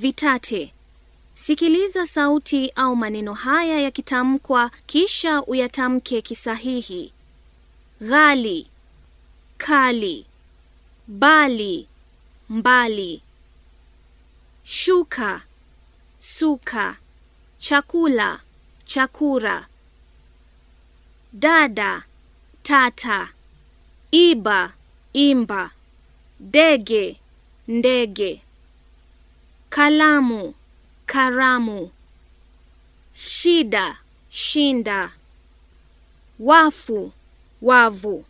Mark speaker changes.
Speaker 1: Vitate. Sikiliza sauti au maneno haya yakitamkwa, kisha uyatamke kisahihi: ghali, kali, bali, mbali, shuka, suka, chakula, chakura, dada, tata, iba, imba, dege, ndege kalamu, karamu, shida, shinda, wafu, wavu.